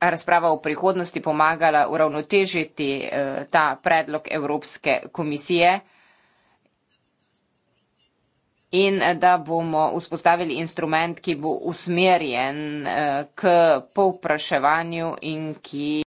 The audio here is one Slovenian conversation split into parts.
razprava v prihodnosti pomagala uravnotežiti eh, ta predlog Evropske komisije in eh, da bomo vzpostavili instrument, ki bo usmerjen eh, k povpraševanju in ki.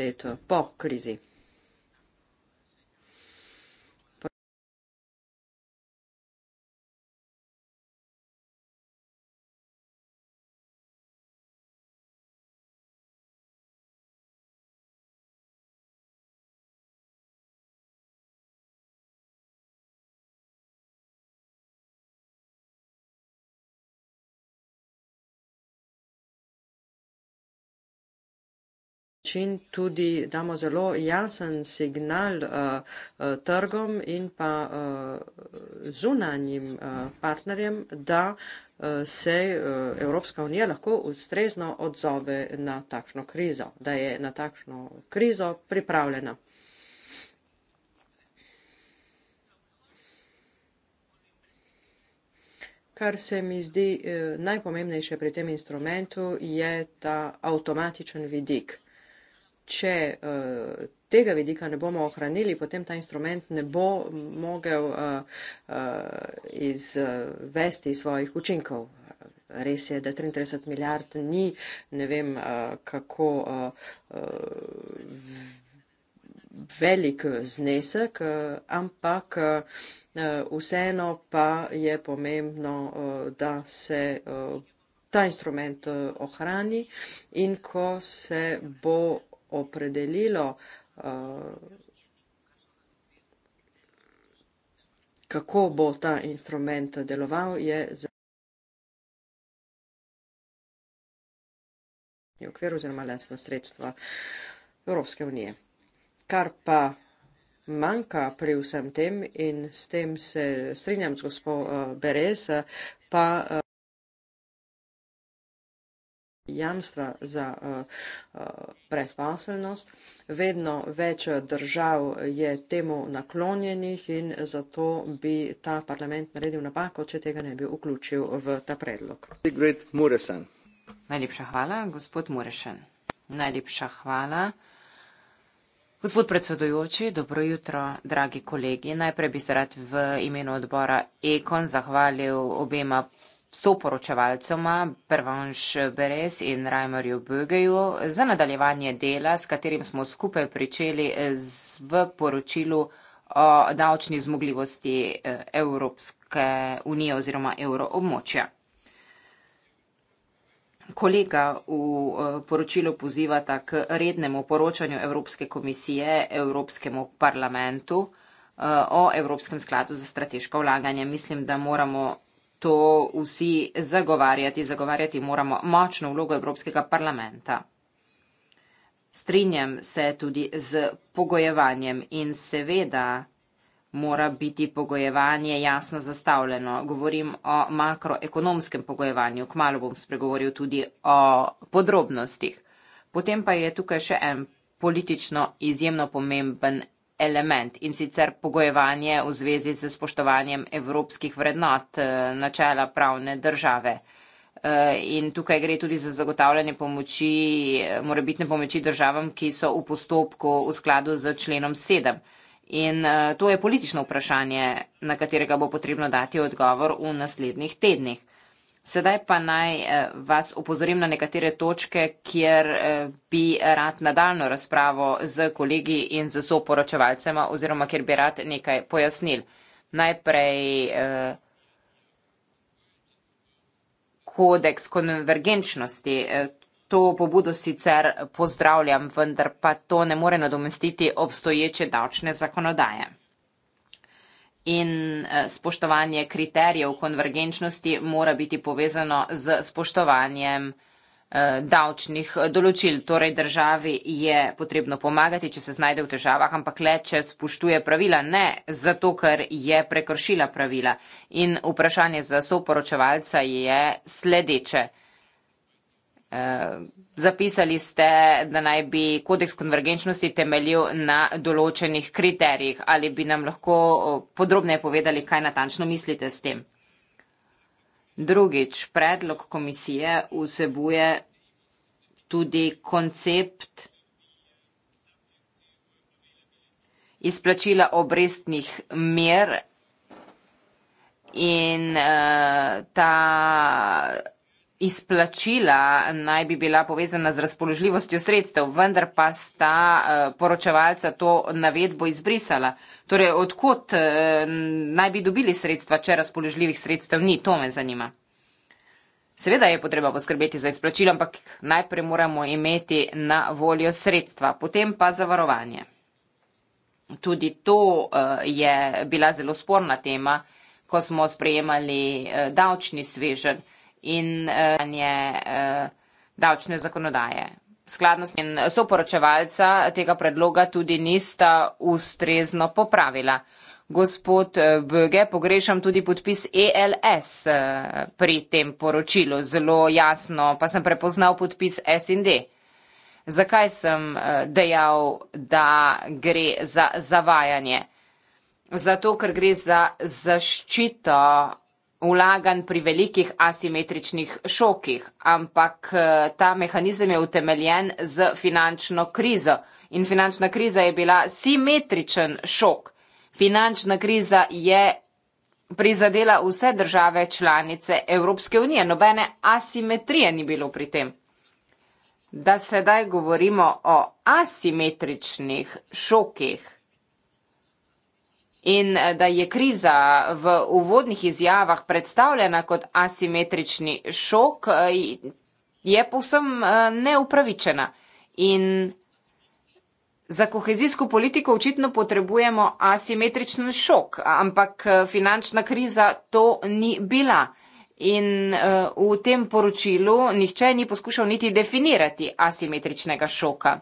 leto po krizi. način tudi damo zelo jasen signal eh, eh, trgom in pa eh, zunanjim partnerjem, da se Evropska unija lahko ustrezno odzove na takšno krizo, da je na takšno krizo pripravljena. Kar se mi zdi najpomembnejše pri tem instrumentu je ta avtomatičen vidik če uh, tega vidika ne bomo ohranili, potem ta instrument ne bo mogel uh, uh, izvesti svojih učinkov. Res je, da 33 milijard ni, ne vem uh, kako. Uh, uh, velik znesek, ampak vseeno pa je pomembno, da se ta instrument ohrani in ko se bo opredelilo, eh, kako bo ta instrument deloval, je za okvir oziroma lesna sredstva Evropske unije. Kar pa manjka pri vsem tem in s tem se strinjam z gospod eh, Beres, pa eh, jamstva za eh, eh, brezposelnost. Vedno več držav je temu naklonjenih in zato bi ta parlament naredil napako, če tega ne bi vključil v ta predlog. Najlepša hvala, gospod Murešen. Najlepša hvala. Gospod predsedujoči, dobro jutro, dragi kolegi. Najprej bi se rad v imenu odbora Ekon zahvalil obema soporočevalcema Pervanš Beres in Rajmarju Bögeju za nadaljevanje dela, s katerim smo skupaj pričeli z, v poročilu o davčni zmogljivosti eh, Evropske unije oziroma evroobmočja. Kolega v eh, poročilu pozivata k rednemu poročanju Evropske komisije Evropskemu parlamentu eh, o Evropskem skladu za strateško vlaganje. Mislim, da moramo to vsi zagovarjati. Zagovarjati moramo močno vlogo Evropskega parlamenta. Strinjam se tudi z pogojevanjem in seveda mora biti pogojevanje jasno zastavljeno. Govorim o makroekonomskem pogojevanju, kmalo bom spregovoril tudi o podrobnostih. Potem pa je tukaj še en politično izjemno pomemben element in sicer pogojevanje v zvezi z spoštovanjem evropskih vrednot, eh, načela pravne države. Eh, in tukaj gre tudi za zagotavljanje pomoči, eh, morebitne pomoči državam, ki so v postopku v skladu z členom 7. In to je politično vprašanje, na katerega bo potrebno dati odgovor v naslednjih tednih. Sedaj pa naj eh, vas upozorim na nekatere točke, kjer eh, bi rad nadaljno razpravo z kolegi in z soporočevalcema oziroma kjer bi rad nekaj pojasnil. Najprej eh, kodeks konvergenčnosti. To pobudo sicer pozdravljam, vendar pa to ne more nadomestiti obstoječe davčne zakonodaje in eh, spoštovanje kriterijev konvergenčnosti mora biti povezano z spoštovanjem eh, davčnih eh, določil. Torej državi je potrebno pomagati, če se znajde v težavah, ampak le, če spoštuje pravila, ne zato, ker je prekršila pravila. In vprašanje za soporočevalca je sledeče. Zapisali ste, da naj bi kodeks konvergenčnosti temeljil na določenih kriterijih. Ali bi nam lahko podrobneje povedali, kaj natančno mislite s tem? Drugič, predlog komisije vsebuje tudi koncept izplačila obrestnih mer in uh, ta izplačila naj bi bila povezana z razpoložljivostjo sredstev, vendar pa sta eh, poročevalca to navedbo izbrisala. Torej, odkot eh, naj bi dobili sredstva, če razpoložljivih sredstev ni, to me zanima. Seveda je potreba poskrbeti za izplačilo, ampak najprej moramo imeti na voljo sredstva, potem pa zavarovanje. Tudi to eh, je bila zelo sporna tema, ko smo sprejemali davčni svežen in eh, je eh, davčne zakonodaje. Skladnost in soporočevalca tega predloga tudi nista ustrezno popravila. Gospod eh, Böge, pogrešam tudi podpis ELS pri tem poročilu, zelo jasno pa sem prepoznal podpis SND. Zakaj sem dejal, da gre za zavajanje? Zato, ker gre za zaščito vlaganj pri velikih asimetričnih šokih, ampak eh, ta mehanizem je utemeljen z finančno krizo. In finančna kriza je bila simetričen šok. Finančna kriza je prizadela vse države članice Evropske unije. Nobene asimetrije ni bilo pri tem. Da sedaj govorimo o asimetričnih šokih in eh, da je kriza v uvodnih izjavah predstavljena kot asimetrični šok, eh, je povsem eh, neupravičena. In za kohezijsko politiko očitno potrebujemo asimetričen šok, ampak finančna kriza to ni bila. In v tem poročilu nihče ni poskušal niti definirati asimetričnega šoka.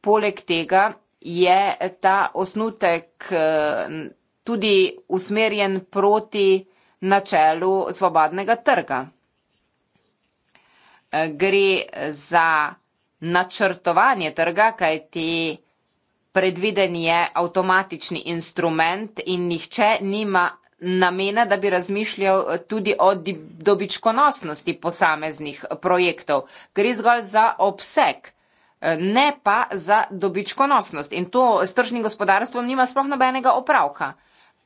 Poleg tega je ta osnutek eh, tudi usmerjen proti načelu svobodnega trga. Eh, gre za načrtovanje trga, kajti predviden je avtomatični instrument in nihče nima namena, da bi razmišljal eh, tudi o dobičkonosnosti posameznih projektov. Gre zgolj za obseg ne pa za dobičkonosnost. In to s tržnim gospodarstvom nima sploh nobenega opravka.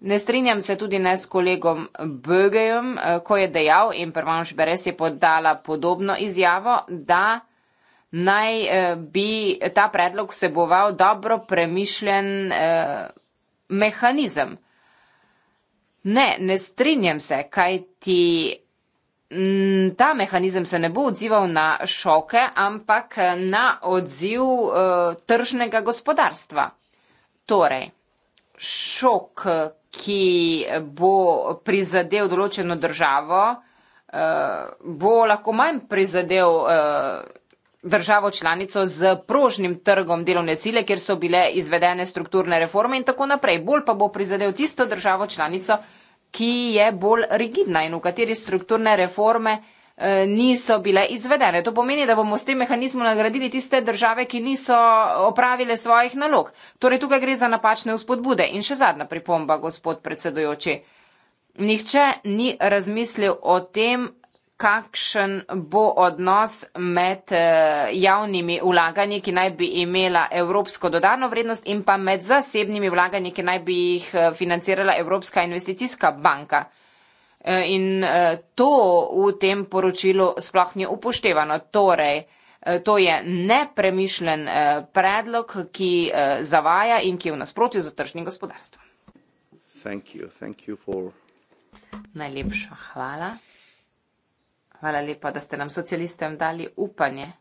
Ne strinjam se tudi ne s kolegom Bögejem, eh, ko je dejal in Prvanš Beres je podala podobno izjavo, da naj eh, bi ta predlog vseboval dobro premišljen eh, mehanizem. Ne, ne strinjam se, kaj ti Mm, ta mehanizem se ne bo odzival na šoke, ampak na odziv uh, tržnega gospodarstva. Torej, šok, ki bo prizadel določeno državo, uh, bo lahko manj prizadel uh, državo članico z prožnim trgom delovne sile, kjer so bile izvedene strukturne reforme in tako naprej. Bolj pa bo prizadel tisto državo članico, ki je bolj rigidna in v kateri strukturne reforme eh, niso bile izvedene. To pomeni, da bomo s tem mehanizmom nagradili tiste države, ki niso opravile svojih nalog. Torej, tukaj gre za napačne vzpodbude. In še zadnja pripomba, gospod predsedujoči. Nihče ni razmislil o tem, kakšen bo odnos med eh, javnimi vlaganji, ki naj bi imela evropsko dodano vrednost in pa med zasebnimi vlaganji, ki naj bi jih eh, financirala Evropska investicijska banka. Eh, in to v tem poročilu sploh ni upoštevano. Torej, to je nepremišljen predlog, ki zavaja in ki je v nasprotju z tržnim gospodarstvom. Thank you. Thank you for... Najlepša hvala. Hvala lepa, da ste nam socialistem dali upanje.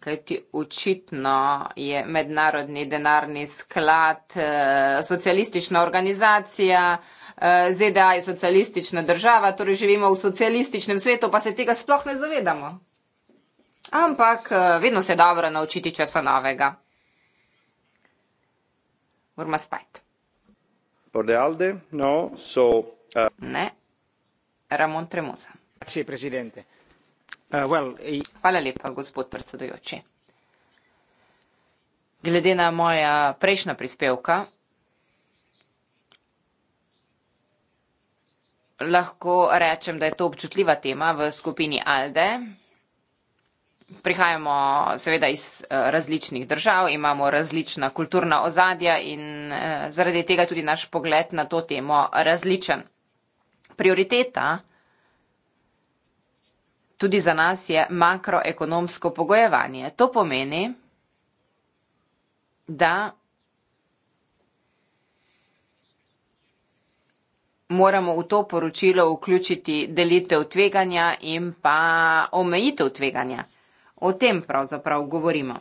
Kajti očitno je mednarodni denarni sklad eh, socialistična organizacija, eh, ZDA je socialistična država, torej živimo v socialističnem svetu, pa se tega sploh ne zavedamo. Ampak eh, vedno se je dobro naučiti česa novega. Urma spajt. No, ne. Uh, hvala lepa gospod predsedujoči glede na moja prejšnja prispevka lahko rečem da je to občutljiva tema v skupini alde prihajamo seveda iz uh, različnih držav imamo različna kulturna ozadja in uh, zaradi tega tudi naš pogled na to temo različen prioriteta. Tudi za nas je makroekonomsko pogojevanje. To pomeni, da moramo v to poročilo vključiti delitev tveganja in pa omejitev tveganja. O tem pravzaprav govorimo.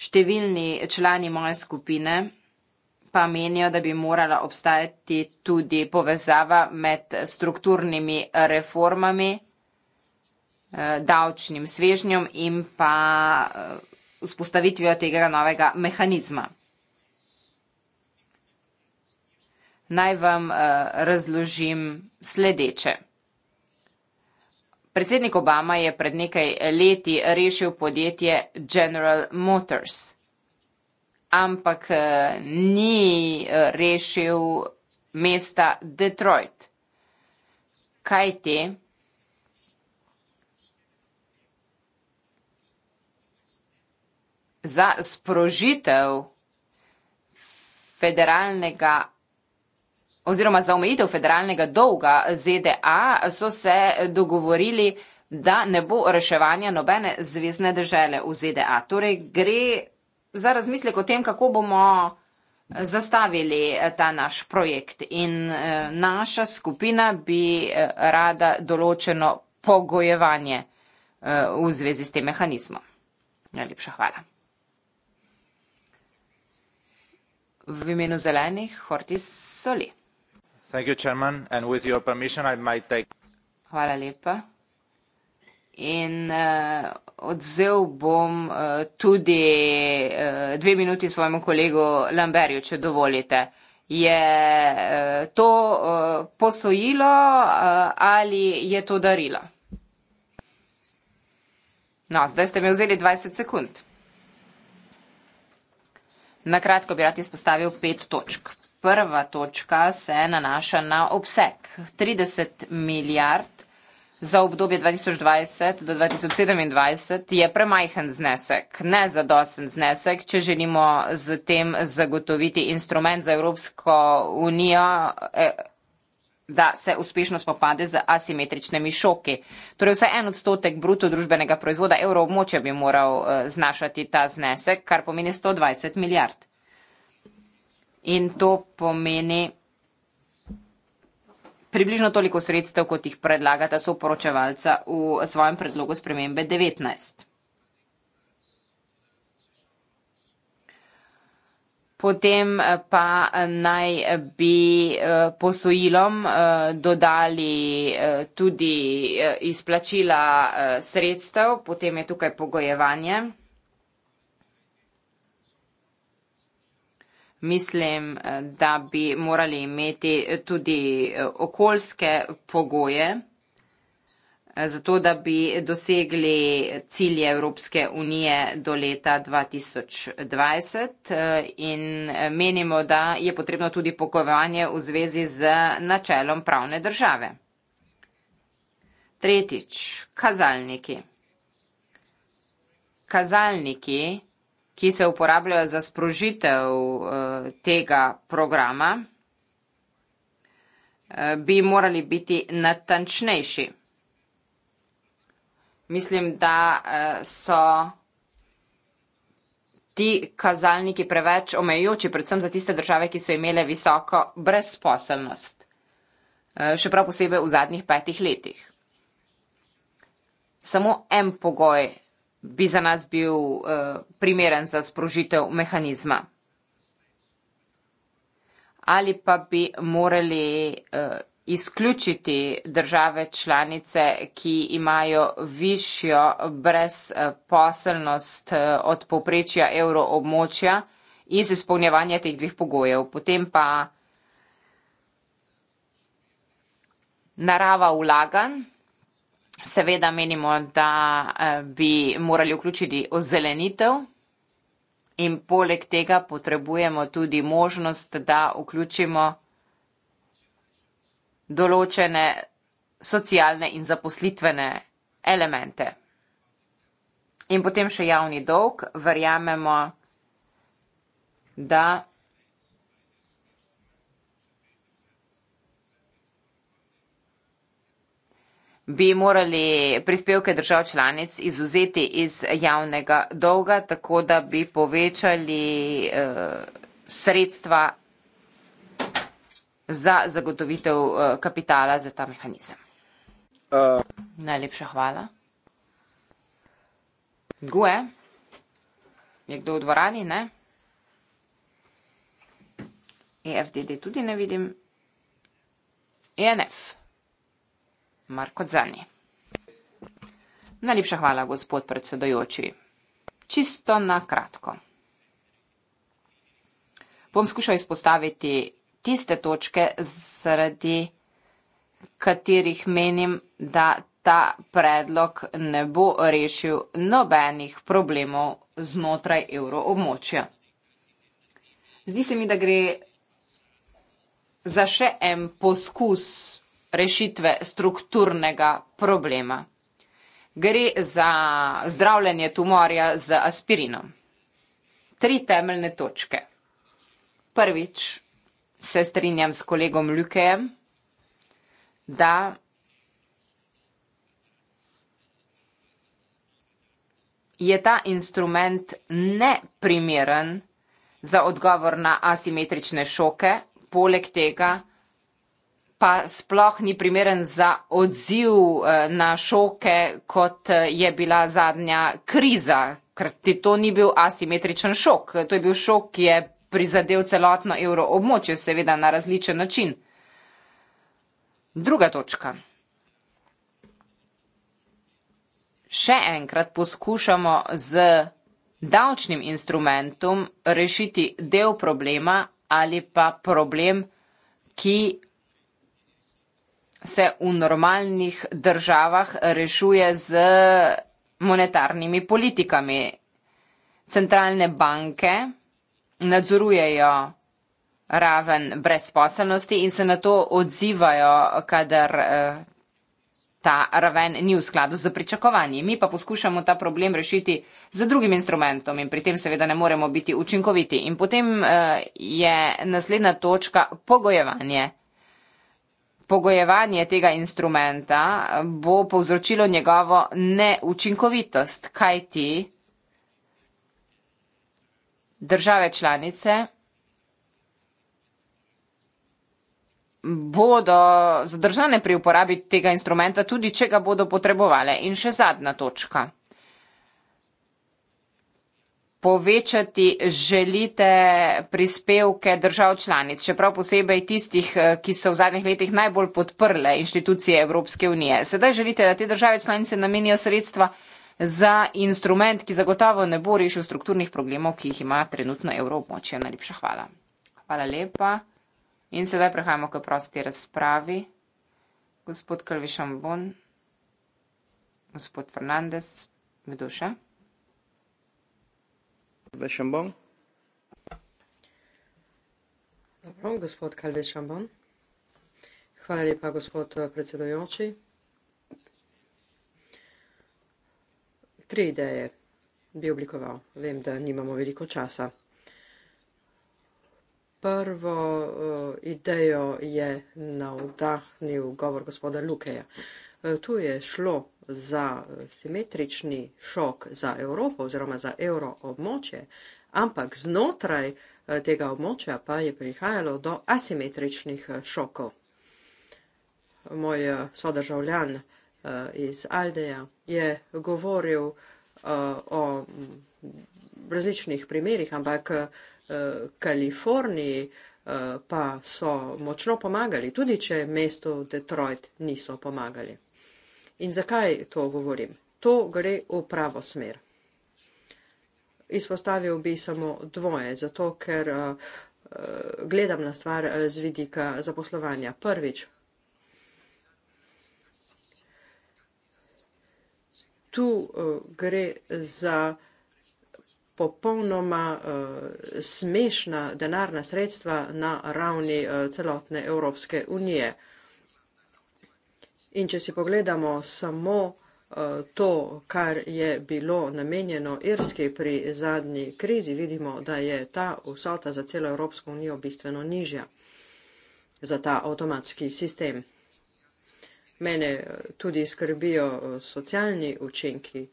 Številni člani moje skupine pa menijo, da bi morala obstajati tudi povezava med strukturnimi reformami, eh, davčnim svežnjem in pa eh, vzpostavitvijo tega novega mehanizma. Naj vam eh, razložim sledeče. Predsednik Obama je pred nekaj leti rešil podjetje General Motors ampak eh, ni eh, rešil mesta Detroit. Kaj te? Za sprožitev federalnega oziroma za omejitev federalnega dolga ZDA so se dogovorili, da ne bo reševanja nobene zvezdne države v ZDA. Torej gre za razmislek o tem, kako bomo eh, zastavili eh, ta naš projekt. In eh, naša skupina bi rada določeno pogojevanje v zvezi s tem mehanizmom. Najlepša hvala. V imenu zelenih Hortis Soli. Thank you, chairman, and with your permission I might take... Hvala lepa. In uh, odzel bom eh, tudi eh, dve minuti svojemu kolegu Lamberju, če dovolite. Je eh, to posojilo ali je to darilo? No, zdaj ste mi vzeli 20 sekund. Na kratko bi rad izpostavil pet točk. Prva točka se nanaša na obseg. 30 milijard za obdobje 2020 do 2027 je premajhen znesek, nezadosten znesek, če želimo z tem zagotoviti instrument za Evropsko unijo, e, da se uspešno spopade z asimetričnimi šoki. Torej vse en odstotek bruto družbenega proizvoda evroobmoče bi moral e, znašati ta znesek, kar pomeni 120 milijard. In to pomeni približno toliko sredstev, kot jih predlagata soporočevalca v svojem predlogu spremembe 19. Potem eh, pa eh, naj eh, bi posojilom dodali tudi izplačila sredstev, potem je tukaj pogojevanje. mislim, eh, da bi morali imeti eh, tudi eh, okoljske pogoje, zato da bi dosegli cilje Evropske unije do leta 2020 in menimo, da je potrebno tudi pokojevanje v zvezi z načelom pravne države. Tretjič, kazalniki. Kazalniki. Kazalniki ki se uporabljajo za sprožitev eh, tega programa, eh, bi morali biti natančnejši. Mislim, da eh, so ti kazalniki preveč omejujoči, predvsem za tiste države, ki so imele visoko brezposelnost, še prav posebej v zadnjih petih letih. Samo en pogoj bi za nas bil uh, primeren za sprožitev mehanizma. Ali pa bi morali uh, izključiti države članice, ki imajo višjo brezposelnost uh, od povprečja evroobmočja iz izpolnjevanja teh dveh pogojev. Potem pa narava vlaganj seveda menimo, da eh, bi morali vključiti ozelenitev in poleg tega potrebujemo tudi možnost, da vključimo določene socialne in zaposlitvene elemente. In potem še javni dolg, verjamemo, da bi morali prispevke držav članic izuzeti iz javnega dolga, tako da bi povečali uh, sredstva za zagotovitev uh, kapitala za ta mehanizem. Uh. Najlepša hvala. Gue, je kdo v dvorani, ne? EFDD tudi ne vidim. ENF. Marko Zani. Najlepša hvala, gospod predsedojoči. Čisto na kratko. Bom skušal izpostaviti tiste točke, zaradi katerih menim, da ta predlog ne bo rešil nobenih problemov znotraj evroobmočja. Zdi se mi, da gre za še en poskus rešitve strukturnega problema. Gre za zdravljenje tumorja z aspirinom. Tri temeljne točke. Prvič, se strinjam s kolegom Ljukejem, da je ta instrument neprimeren za odgovor na asimetrične šoke, poleg tega, pa sploh ni primeren za odziv eh, na šoke, kot eh, je bila zadnja kriza, ker ti to ni bil asimetričen šok. To je bil šok, ki je prizadel celotno evro območje, seveda na različen način. Druga točka. Še enkrat poskušamo z davčnim instrumentom rešiti del problema ali pa problem, ki se v normalnih državah rešuje z monetarnimi politikami. Centralne banke nadzorujejo raven brezposelnosti in se na to odzivajo, kadar eh, ta raven ni v skladu z pričakovanji. Mi pa poskušamo ta problem rešiti z drugim instrumentom in pri tem seveda ne moremo biti učinkoviti. In potem eh, je naslednja točka pogojevanje pogojevanje tega instrumenta bo povzročilo njegovo neučinkovitost, kaj ti države članice bodo zadržane pri uporabi tega instrumenta, tudi če ga bodo potrebovali. In še zadnja točka povečati želite prispevke držav članic, čeprav posebej tistih, eh, ki so v zadnjih letih najbolj podprle inštitucije Evropske unije. Sedaj želite, da te države članice namenijo sredstva za instrument, ki zagotovo ne bo rešil strukturnih problemov, ki jih ima trenutno Evropočje. Najlepša hvala. Hvala lepa. In sedaj prehajamo k prosti razpravi. Gospod Kalvišan Bon, gospod Fernandez, Medoša. Calvet-Chambon. Dobro, gospod Calvet-Chambon. Hvala lepa, gospod eh, predsedojoči. Tri ideje bi oblikoval. Vem, da nimamo veliko časa. Prvo uh, idejo je navdahnil govor gospoda Lukeja. Uh, tu je šlo za eh, simetrični šok za Evropo oziroma za evroobmočje, ampak znotraj eh, tega območja pa je prihajalo do asimetričnih eh, šokov. Moj sodržavljan iz Aldeja je govoril o mm, različnih primerih, ampak Kaliforniji pa so močno pomagali, tudi če mestu Detroit niso pomagali. In zakaj to govorim? To gre v pravo smer. Izpostavil bi samo dvoje, zato ker eh, eh, gledam na stvar eh, z vidika zaposlovanja. Prvič, tu gre za popolnoma smešna denarna sredstva na ravni celotne Evropske unije. In če si pogledamo samo eh, to, kar je bilo namenjeno Irski pri zadnji krizi, vidimo, da je ta vsota za celo Evropsko unijo bistveno nižja za ta avtomatski sistem. Mene eh, tudi skrbijo eh, socialni učinki.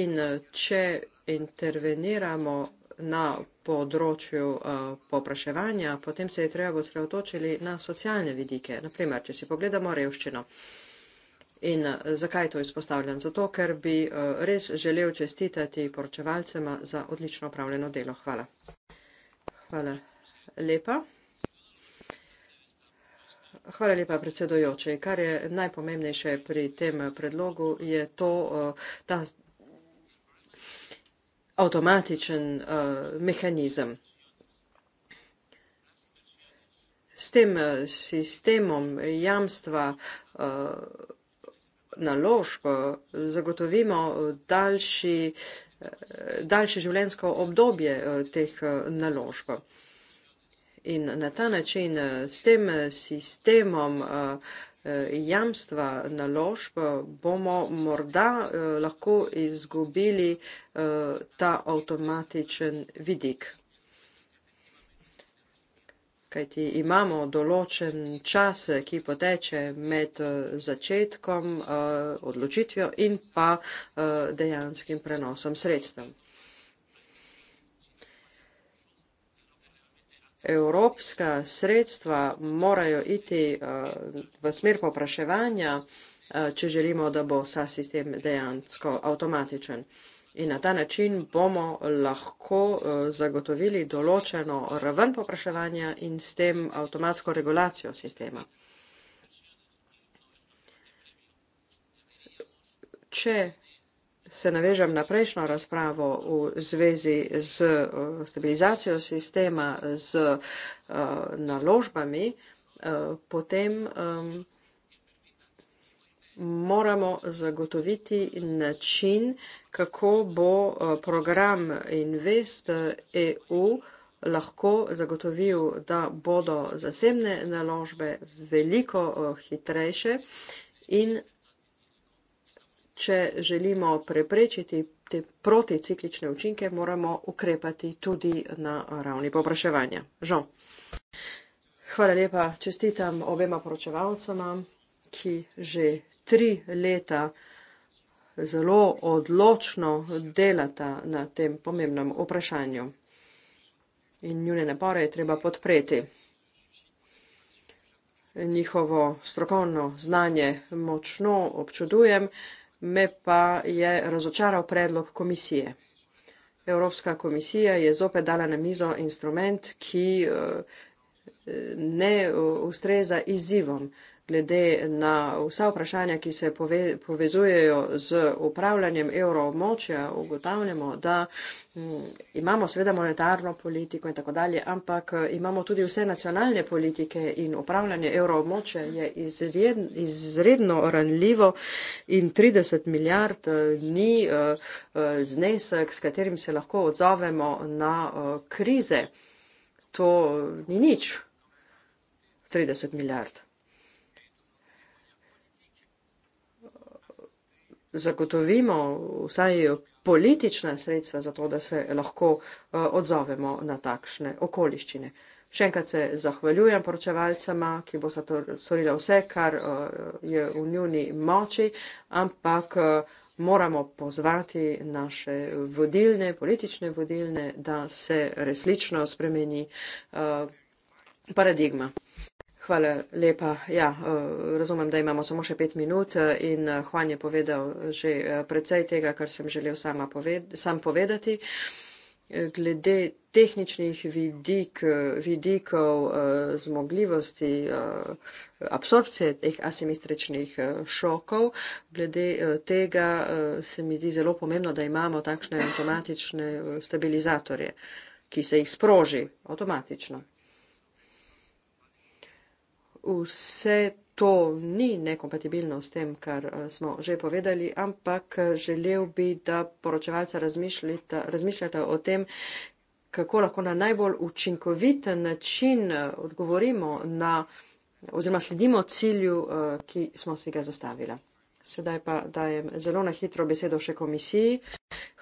In če interveniramo na področju uh, eh, popraševanja, potem se je treba osredotočiti na socialne vidike. Naprimer, če si pogledamo revščino. In eh, zakaj to izpostavljam? Zato, ker bi eh, res želel čestitati poročevalcema za odlično upravljeno delo. Hvala. Hvala lepa. Hvala lepa, predsedojoče. Kar je najpomembnejše pri tem predlogu, je to, da avtomatičen uh, mehanizem. S tem eh, sistemom jamstva eh, naložb zagotovimo daljši, daljše življensko obdobje teh naložb. In na ta način s tem sistemom jamstva naložb, bomo morda eh, lahko izgubili eh, ta avtomatičen vidik. Kajti imamo določen čas, ki poteče med eh, začetkom odločitvijo in pa dejanskim prenosom sredstvem. evropska sredstva morajo iti eh, v smer popraševanja, eh, če želimo, da bo vsa sistem dejansko avtomatičen. In na ta način bomo lahko eh, zagotovili določeno raven popraševanja in s tem avtomatsko regulacijo sistema. Če se navežem na prejšnjo razpravo v zvezi z eh, stabilizacijo sistema, z eh, naložbami, eh, potem moramo zagotoviti način, kako bo program Invest EU lahko zagotovil, da bodo zasebne naložbe veliko hitrejše in če želimo preprečiti te proticiklične učinke, moramo ukrepati tudi na ravni popraševanja. Žal. Hvala lepa, čestitam obema poročevalcema, ki že tri leta zelo odločno delata na tem pomembnem vprašanju. In njune napore je treba podpreti. Njihovo strokovno znanje močno občudujem me pa je razočaral predlog komisije. Evropska komisija je zopet dala na mizo instrument, ki eh, ne eh, ustreza izzivom glede na vsa vprašanja, ki se pove, povezujejo z upravljanjem evroobmočja, ugotavljamo, da mm, imamo seveda monetarno politiko in tako dalje, ampak imamo tudi vse nacionalne politike in upravljanje evroobmočja je izredno, izredno ranljivo in 30 milijard eh, ni eh, eh, znesek, s katerim se lahko odzovemo na krize. To ni nič. 30 milijard. zagotovimo vsaj politična sredstva za to, da se lahko eh, odzovemo na takšne okoliščine. Še enkrat se zahvaljujem poročevalcama, ki bo storila vse, kar eh, je v njuni moči, ampak eh, moramo pozvati naše vodilne, politične vodilne, da se resnično spremeni paradigma. Hvala lepa. Ja, eh, razumem, da imamo samo še pet minut eh, in eh, Juan je povedal že predvsej tega, kar sem želel sama poved sam povedati. Glede tehničnih vidik, vidikov zmogljivosti absorpcije teh asimistričnih šokov, glede tega se mi zdi zelo pomembno, da imamo takšne avtomatične stabilizatorje, ki se jih sproži avtomatično vse to ni nekompatibilno s tem, kar eh, smo že povedali, ampak eh, želel bi, da poročevalca razmišljate o tem, kako lahko na najbolj učinkoviten način eh, odgovorimo na oziroma sledimo cilju, ki smo si ga zastavili. Sedaj pa dajem zelo na hitro besedo še komisiji.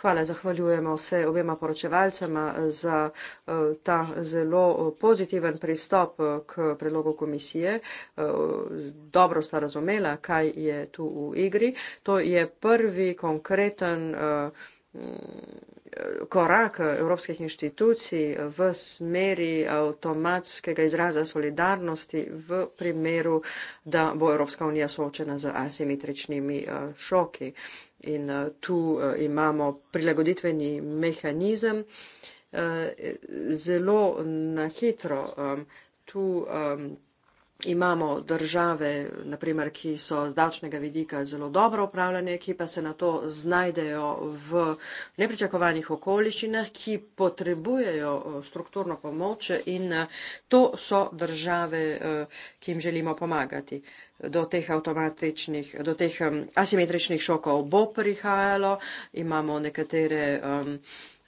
Hvala, zahvaljujemo se obema poročevalcema za eh, ta zelo eh, pozitiven pristop eh, k predlogu komisije. Dobro sta razumela, kaj je tu v igri. To je prvi konkreten korak eh, evropskih inštitucij v smeri avtomatskega izraza solidarnosti v primeru, da bo Evropska unija soočena z asimetričnimi eh, šoki. In eh, tu imamo prilagoditveni mehanizem. Zelo na hitro tu imamo države, naprimer, ki so z davčnega vidika zelo dobro upravljene, ki pa se na to znajdejo v nepričakovanih okoliščinah, ki potrebujejo eh, strukturno pomoč in eh, to so države, eh, ki jim želimo pomagati. Do teh avtomatičnih, do teh asimetričnih šokov bo prihajalo, imamo nekatere. Um,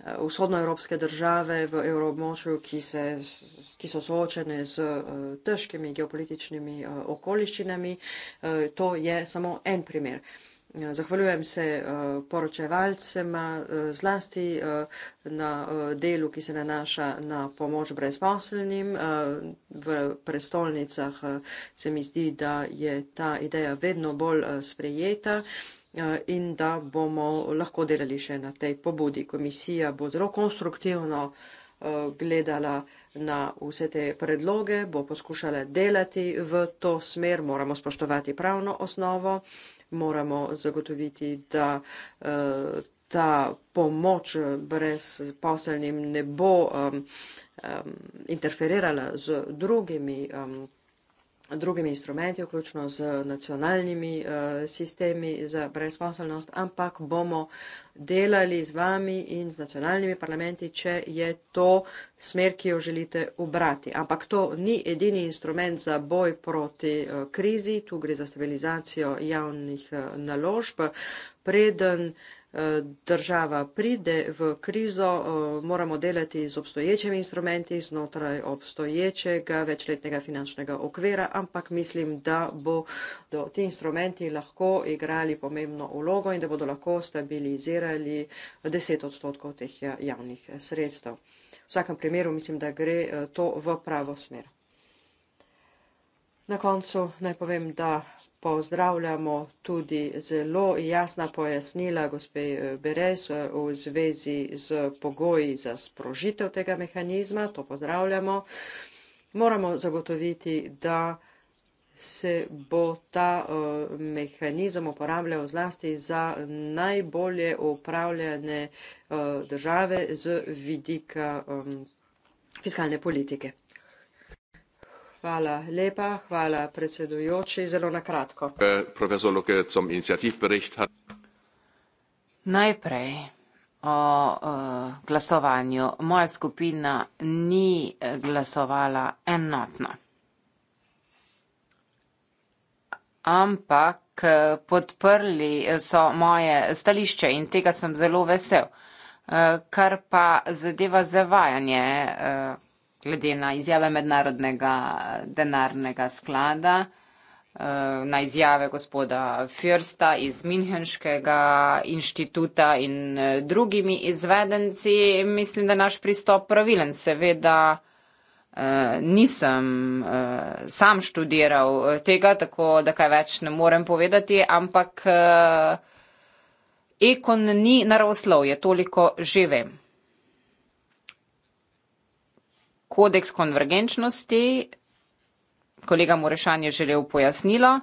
Eh, vzhodnoevropske države v evromočju, ki, ki so soočene z eh, težkimi geopolitičnimi eh, okoliščinami. To je samo en primer. Zahvaljujem se poročevalcema zlasti na delu, ki se nanaša na pomoč brezposelnim. V prestolnicah se mi zdi, da je ta ideja vedno bolj sprejeta. Eh, in da bomo lahko delali še na tej pobudi. Komisija bo zelo konstruktivno eh, gledala na vse te predloge, bo poskušala delati v to smer, moramo spoštovati pravno osnovo, moramo zagotoviti, da eh, ta pomoč brez poselnim ne bo um, um, interferirala z drugimi. Um, drugimi instrumenti, vključno z nacionalnimi eh, sistemi za brezposelnost, ampak bomo delali z vami in z nacionalnimi parlamenti, če je to smer, ki jo želite obrati. Ampak to ni edini instrument za boj proti eh, krizi, tu gre za stabilizacijo javnih eh, naložb. Preden država pride v krizo, eh, moramo delati z obstoječimi instrumenti znotraj obstoječega večletnega finančnega okvira, ampak mislim, da bodo ti instrumenti lahko igrali pomembno ulogo in da bodo lahko stabilizirali 10 odstotkov teh ja-, javnih sredstev. V vsakem primeru mislim, da gre eh, to v pravo smer. Na koncu naj povem, da pozdravljamo tudi zelo jasna pojasnila gospe eh, Beres eh, v zvezi z pogoji za sprožitev tega mehanizma. To pozdravljamo. Moramo zagotoviti, da se bo ta eh, mehanizem uporabljal zlasti za najbolje upravljane države z vidika fiskalne politike. Hvala lepa, hvala predsedujoči, zelo na kratko. Eh, Najprej o uh, glasovanju. Moja skupina ni eh, glasovala enotno. Ampak podprli so moje stališče in tega sem zelo vesel. Uh, kar pa zadeva zavajanje. Uh, glede na izjave mednarodnega denarnega sklada, eh, na izjave gospoda Fjörsta iz Minhenškega inštituta in eh, drugimi izvedenci, mislim, da je naš pristop pravilen. Seveda eh, nisem sam študiral tega, tako da kaj več ne morem povedati, ampak ekon ni naravoslov, je toliko že vem. kodeks konvergenčnosti. Kolega Morešan je želel pojasnilo.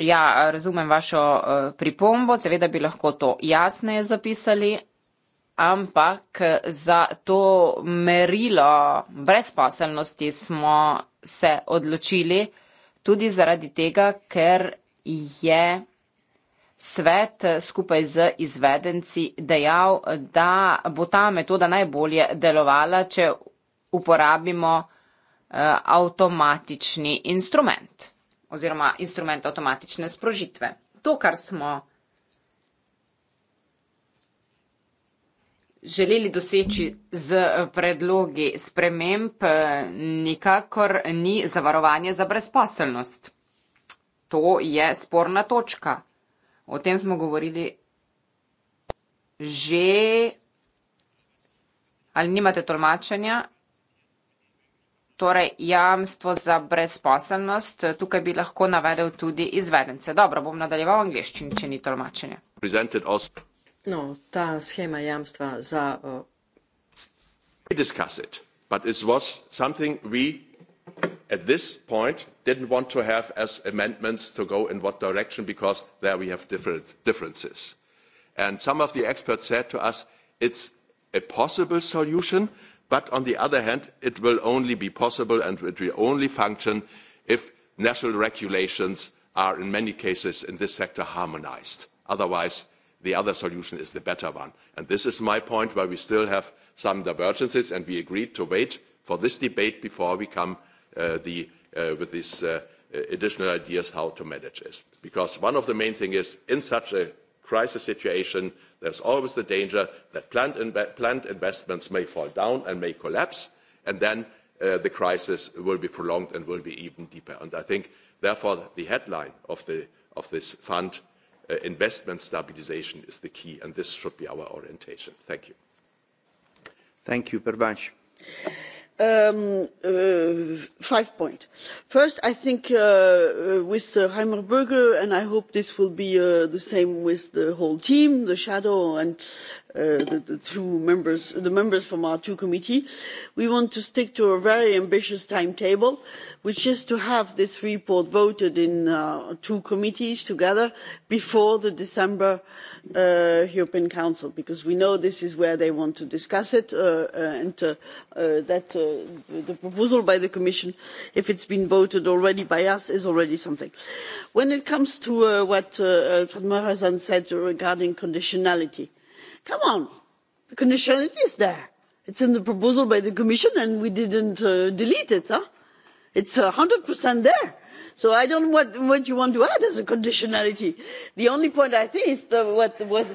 Ja, razumem vašo eh, pripombo, seveda bi lahko to jasneje zapisali, ampak eh, za to merilo brezposelnosti smo se odločili tudi zaradi tega, ker je svet eh, skupaj z izvedenci dejal, da bo ta metoda najbolje delovala, če uporabimo eh, avtomatični instrument oziroma instrument avtomatične sprožitve. To, kar smo želeli doseči z predlogi sprememb, eh, nikakor ni zavarovanje za brezposelnost. To je sporna točka. O tem smo govorili že, ali nimate tolmačenja? Torej, jamstvo za brezposelnost, tukaj bi lahko navedel tudi izvedence. Dobro, bom nadaljeval v angliščini, če ni tolmačenja. No, ta schema jamstva za. Uh... It, but it was something we at this point didn't want to have as amendments to go in what direction because there we have different differences. And some of the experts said to us, it's a possible solution, but on the other hand, it will only be possible and it will only function if national regulations are in many cases in this sector harmonized. Otherwise, the other solution is the better one. And this is my point where we still have some divergences and we agreed to wait for this debate before we come uh, the uh, with these uh, additional ideas how to manage this. Because one of the main things is in such a crisis situation, there's always the danger that plant, in- plant investments may fall down and may collapse, and then uh, the crisis will be prolonged and will be even deeper. And I think, therefore, the headline of, the, of this fund, uh, investment stabilization, is the key, and this should be our orientation. Thank you. Thank you, Pervanche. Um, uh, five points. first i think uh, uh, with mr berger and i hope this will be the same with the whole team the shadow and Uh, the members from our two committees we want to stick to a very ambitious timetable which is to have this report voted in our uh, two committees together before the december uh, european council because we know this is where they want to discuss it and that the proposal by the commission if it's been voted already by us is already something. when it comes to what fatma said regarding conditionality come on the conditionality is there it's in the proposal by the commission and we didn't uh, delete it huh? it's a hundred percent there so i don't know what, what you want to add as a conditionality the only point i think is the, what was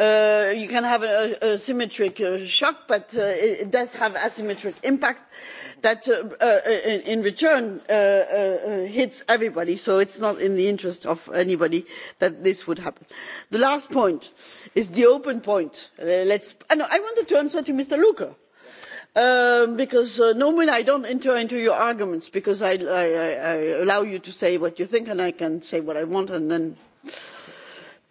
Uh, you can have an asymmetric uh, shock but uh, it does have an asymmetric impact that in return hits everybody so it's not in the interest of anybody that this would happen. the last point is the open point. No, i wanted to answer to mr louca um, because normally i don't enter into your arguments because i allow you to say what you think and i can say what i want and then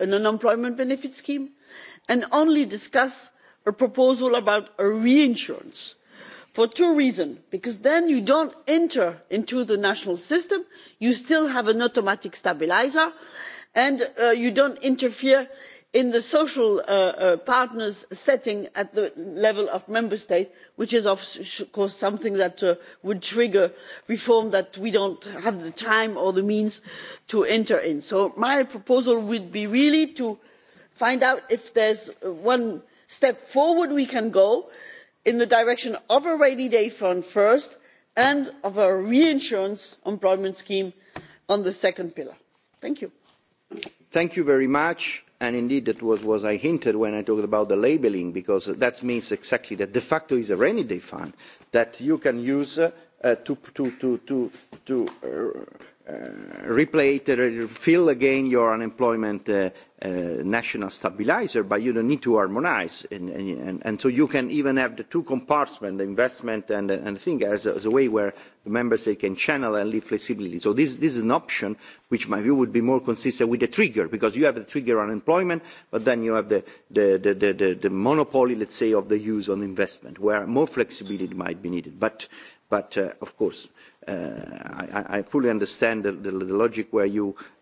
an unemployment benefit scheme and only discuss a proposal about a reinsurance for two reasons because then you don't enter into the national system you still have an automatic stabiliser and uh, you don't interfere in the social uh, uh, partners' setting at the level of member states which is of course something that uh, would trigger reform that we don't have the time or the means to enter into. so my proposal would be really to find out if there's uh, one step forward we can go in the direction of a rainy day fund first and of a reinsurance employment scheme on the second pillar. thank you and indeed that was what I hinted when I talked about the labeling, because that means exactly that de facto is a rainy day fund that you can use uh, to, to, to, to, to uh, uh, replay, to refill uh, again your unemployment uh, Uh, national stabilizer, but you don't need to harmonize. And, and, and so you can even have the two compartments, the investment and, and the thing, as, as a way where the member state can channel and leave flexibility. So this, this is an option which, my view, would be more consistent with the trigger, because you have the trigger on employment, but then you have the, the, the, the, the, the monopoly, let's say, of the use on investment, where more flexibility might be needed. But, but uh, of course, uh, I, I fully understand the, the, the logic where you